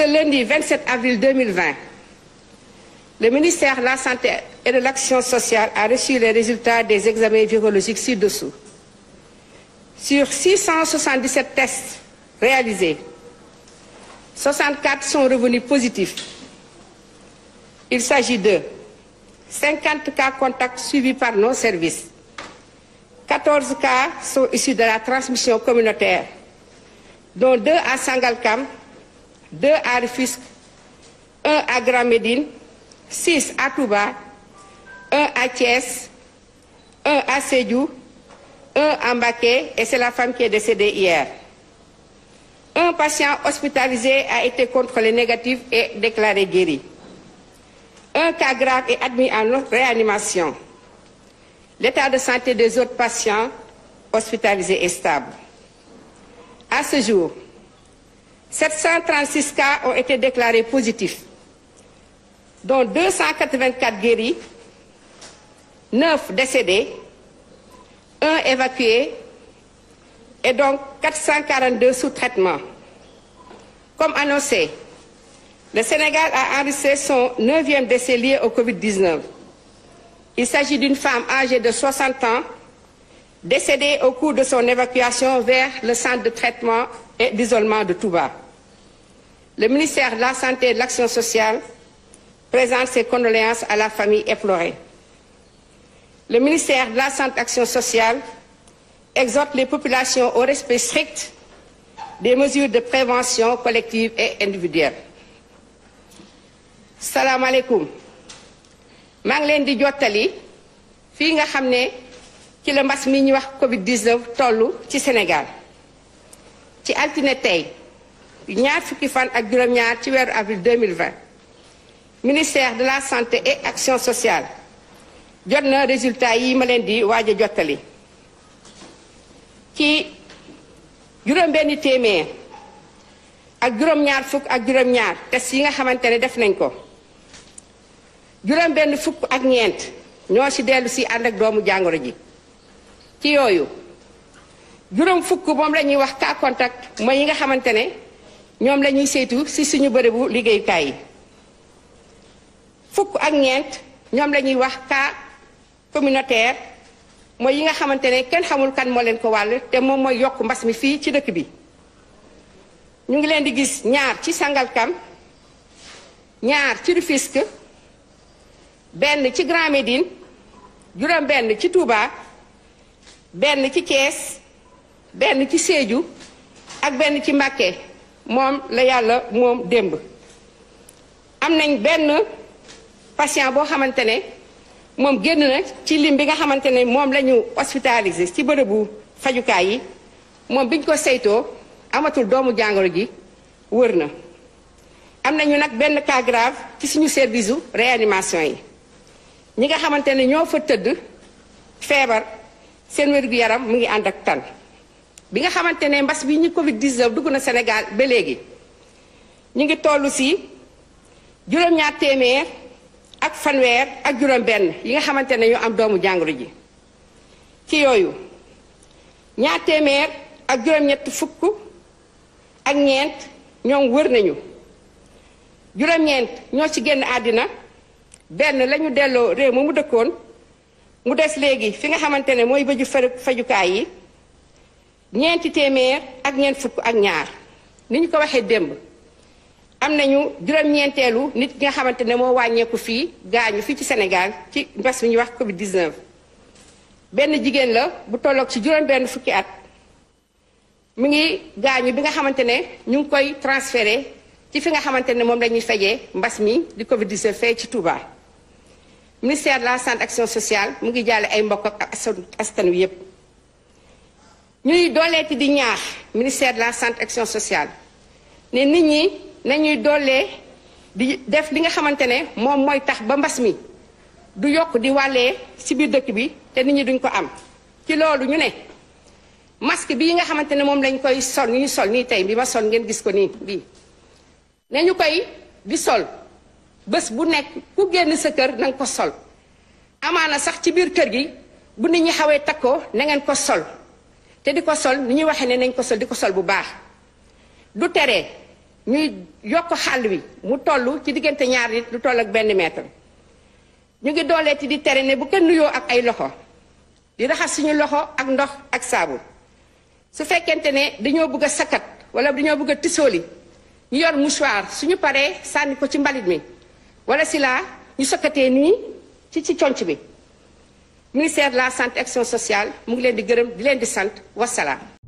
ce lundi 27 avril 2020, le ministère de la Santé et de l'Action sociale a reçu les résultats des examens virologiques ci-dessous. Sur 677 tests réalisés, 64 sont revenus positifs. Il s'agit de 50 cas contacts suivis par nos services. 14 cas sont issus de la transmission communautaire, dont 2 à Sangalkam 2 à Rufisque, 1 à Grand Médine, 6 à Touba, 1 à Thiès, à Sédhiou, 1 à Mbaké et c'est la femme qui est décédée hier. Un patient hospitalisé à été contrôlé négatif et déclaré guéri. Un cas grave est admis réanimation. L'état de santé des autres patients hospitalisés est stable. À ce jour, 736 cas ont été déclarés positifs, dont 284 guéris, 9 décédés, 1 évacué et donc 442 sous traitement. Comme annoncé, le Sénégal a enregistré son neuvième décès lié au Covid-19. Il s'agit d'une femme âgée de 60 ans décédée au cours de son évacuation vers le centre de traitement et d'isolement de Touba. Le ministère la Santé et sociale présente ses condoléances la famille éplorée. Le ministère la Santé sociale exhorte les populations au des mesures de prévention collective et individuelle. salaamaaleykum maa ngi leen di jottali fii nga xam ne ci la mbas mi ñuy wax Covid 19 toll ci Sénégal. ci altine tey ñaar fukki fan ak juróom-ñaar ci weeru avril 2020 ministère de la santé et action sociale jot na résultat yi ma leen di waaj a jottali ci juróom-benni téeméer ak juróom-ñaar fukk ak juróom-ñaar test yi nga xamante ne def nañ ko juróom-benn fukk ak ñeent ñoo ci dellu si ànd ak doomu jàngoro ji ci yooyu juróom fukk moom la ñuy wax cas contact mooy yi nga xamante ne ñoom la ñuy saytu si suñu bërëbu liggéeyukaay yi fukk ak ñeent ñoom lañuy wax cas communautaire mooy yi nga xamante ne kenn xamul kan moo leen ko wàll te moom mooy yokk mbas mi fii ci dëkk bi ñu ngi leen di gis ñaar ci Sangalkam ñaar ci Rufisque benn ci Grand Médine juróom benn ci Touba benn ci Thiès benn ci Sédhiou ak benn ci Mbacké moom la yàlla moom démb am nañ benn patient boo xamante ne moom génn na ci lim bi nga xamante ne moom lañu ñu ci bërëbu fajukaay yi moom biñ ko saytoo amatul doomu jàngoro ji wër na am nañu nag benn cas grave ci suñu service u réanimation yi ñi nga xamante ne ñoo fa tëdd feebar seen wér yaram mu ngi ànd ak tan bi nga xamante ne mbas bi ñu Covid 19 dugg na Sénégal ba léegi ñu ngi tollu si juróom-ñaar téeméer ak fanweer ak juróom-benn yi nga xamante ne ñu am doomu jàngoro ji ci yooyu ñaar téeméer ak juróom-ñett fukk ak ñeent ñoom wër nañu juróom-ñeent ñoo ci génn àddina benn la ñu delloo réew ma mu dëkkoon mu des léegi fi nga xamante ne mooy bëju fajukaay yi. ñeenti téeméer ak ñeent fukk ak ñaar ni ñu ko waxee démb am nañu juróom-ñeenteelu nit ki nga xamante ne moo wàññeeku fii gaañu fii ci senegal ci mbas mi ñuy wax Covid 19. benn jigéen la bu tolloog ci juróom-benn fukki at mu ngi gaañu bi nga xamante ne ñu ngi koy transféré ci fi nga xamante ne moom la ñuy fejee mbas mi di Covid 19 fee ci Touba. ministère de la santé action sociale mu ngi jàlle ay mbokk ak askan wi yépp ñuy dooleeti di ñaax ministère de la santé action sociale ne nit ñi nañuy doolee di def li nga xamante ne moom mooy tax ba mbas mi du yokk di wàllee ci biir dëkk bi te nit ñi duñ ko am ci loolu ñu ne bi yi nga xamante ne moom lañ koy sol ñu sol nii tey bi ma sol ngeen gis ko nii bii nañu koy di sol bés bu nekk ku génn sa kër na ko sol amaana sax ci biir kër gi bu nit ñi xawee takk ko na ngeen ko sol te di ko sol ni ñuy waxe ne nañ ko sol di ko sol bu baax du tere ñuy yokk xàll wi mu toll ci diggante ñaar nit lu toll ak benn mètre ñu ngi dooleeti di tere ne bu kenn nuyoo ak ay loxo di raxas suñu loxo ak ndox ak saabu su fekkente ne dañoo bëgg a sakkat wala dañoo bëgg a tisooli ñu yor mouchoir suñu paree sànni ko ci mbalit mi wala si ñu sakkatee nii ci ci conc bi ministère de la santé action sociale mu ngi leen di gërëm di leen di sant wasalaam.